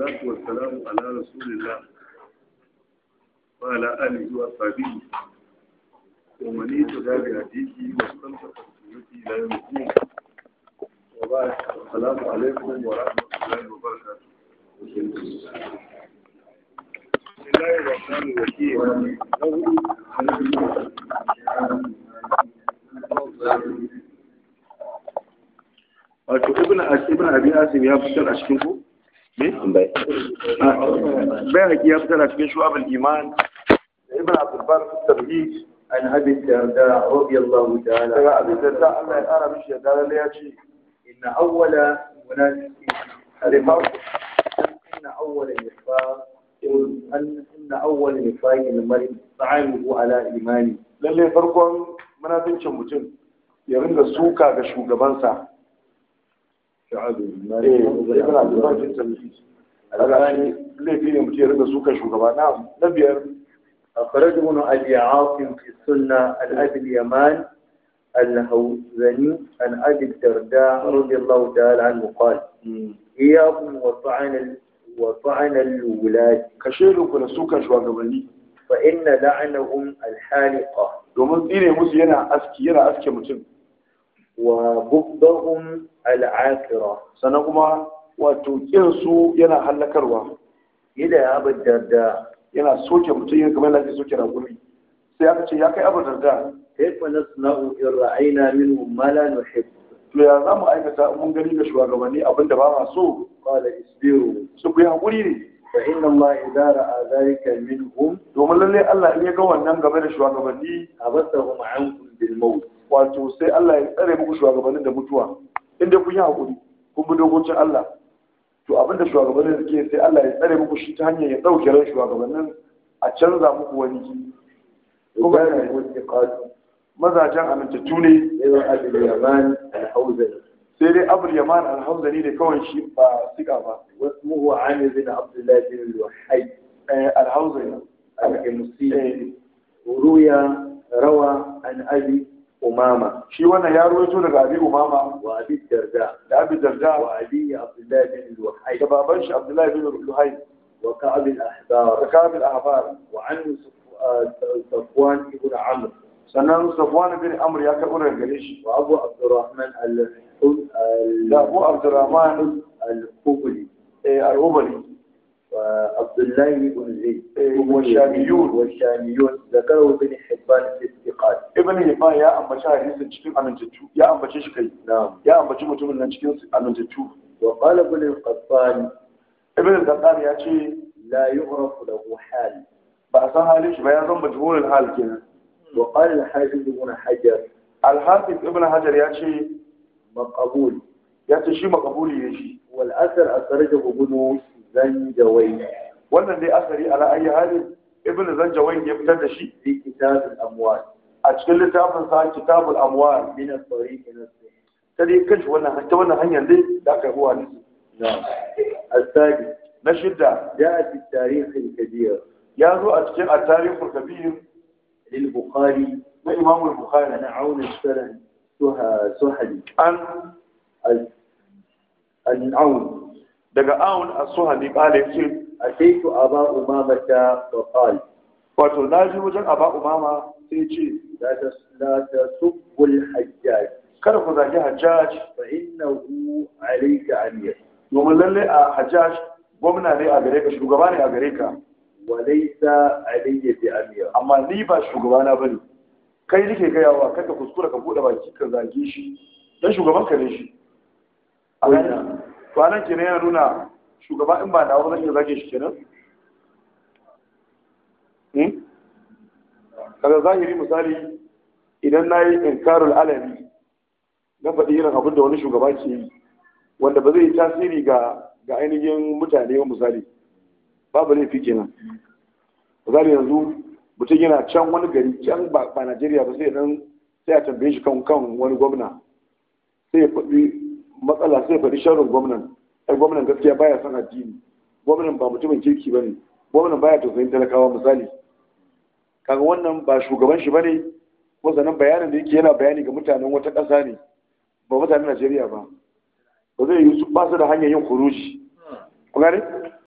والصلاة والسلام على رسول الله وعلى آله وصحبه ومن يتبع بهديه واستمسك بسنته إلى يوم الدين وبارك السلام عليكم ورحمة الله وبركاته بسم الله الرحمن الرحيم wato ibn ibn abi asim ya fitar a cikin ku bai haƙi ya fitar a cikin shu'abul iman da ibn abdulbar tarbi an habin da radiyallahu ta'ala daga abin da ta Allah ya ƙara mishi da dalala ya ce inna awwala munafiki rifaq inna awwala nifaq inna awwala nifaq al-mar'i ta'amuhu imani lalle farkon munafincin mutum ya ringa suka ga shugabansa laifi ne mutum ya rika suka shugaba na na biyar أخرج ابن أبي عاصم في السنة عن أبي اليمان الهوزني عن أبي الدرداء رضي الله تعالى عنه قال إياكم وطعن وطعن الولاة كشيرك لسوكا شواغبني فإن لعنهم الحالقة domin tsire musu yana aski yana aske mutum wa bugdahum al'akira sannan kuma wato kin su yana hallakarwa ila abu darda yana soke mutum yin kamar yadda soke raguri sai aka ce ya kai abu darda kaifa nasna'u in ra'ayna minhum ma la nuhib ya zamu aikata mun gani ga shugabanni abinda ba ma so qala isbiru su ku hakuri ne fa inna Allah idza ra'a zalika minhum domin lalle Allah in ya ga wannan game da shugabanni abassahum ankum bil maut wato sai Allah ya tsare muku shugabannin da mutuwa inda kun yi hakuri kun bi dokokin Allah to abin da shugabannin suke sai Allah ya tsare muku shi ta hanyar ya ɗauke ran shugabannin a canza muku wani ko ga yana wani mazajen amintattu ne sai dai abul yaman alhauzani ne kawai shi ba siga ba wasmu huwa ani bin abdullahi bin wahai al al-musi ruya rawa an abi umama shi wannan ya ruwaito daga abi umama wa abi darda da abi darda wa abi abdullahi bin luhay da baban shi abdullahi bin luhay wa ka'ab al-ahbar ka'ab al-ahbar wa an safwan ibn amr sannan safwan bin amr ya karɓo daga gare shi wa abu abdurrahman al da abu abdurrahman al-kubli eh al-kubli عبد الله بن زيد والشاميون والشاميون ذكره ابن حبان في الثقات ابن حبان يا أم بشار cikin amintattu ya ambace shi kai ya ambace mutumin nan cikin amintattu wa qala ibn al-qattan ya ce la yu'raf lahu hal ba san halin shi ba ya zama majhulul hal kenan wa qala al-hafiz hajar al-hafiz hajar ya ce maqbul ya ce shi maqbuli ne shi wal asar asarajahu ibn wannan dai asari ala ayi halin ibn zanjawan ya fitar da shi fi kitabul amwal a cikin littafin sa kitabul amwal min at-tariq ila ta dai kashi wannan ta wannan hanyar dai da aka ruwa ne al-sadi na shidda ya fi tarihin kabir ya zo a cikin at-tarikhul kabir lil bukhari na imam al-bukhari na aun al-salan suhali an al-aun daga aun as-suhali qala yace أتيت أبا أمامة فقال wato na ji wajen aba umama sai ce la ta subbul hajjaj kada ku zaki hajjaj fa innahu alayka amir domin lalle a hajjaj gwamna ne a gare ka shugaba ne a gare ka wa laysa alayya bi amir amma ni ba shugaba na bane kai nake ga yawa kada kuskura ka bude baki ka zage shi dan shugaban ka ne shi a ga to anan kenan yana nuna shugaba in ba nawa zan iya zage shi kenan hmm? kaga zahiri misali idan na yi inkarul alami na faɗi irin abin da wani shugaba ke yi wanda ba zai yi tasiri ga ainihin mutane wa misali babu laifi kenan misali yanzu mutum yana can wani gari can ba Najeriya ba sai dan sai a tambaye shi kan kan wani gwamna sai ya faɗi matsala sai ya faɗi sharrin gwamnan ai gwamnan gaskiya baya son addini gwamnan ba mutumin kirki ba ne gwamnan baya tausayin talakawa misali kaga wannan ba shugaban shi ba ne ko sanan bayanin da yake yana bayani ga mutanen wata ƙasa ne ba mutanen najeriya ba ba zai yi ba su da hanyar yin kuruji ku gane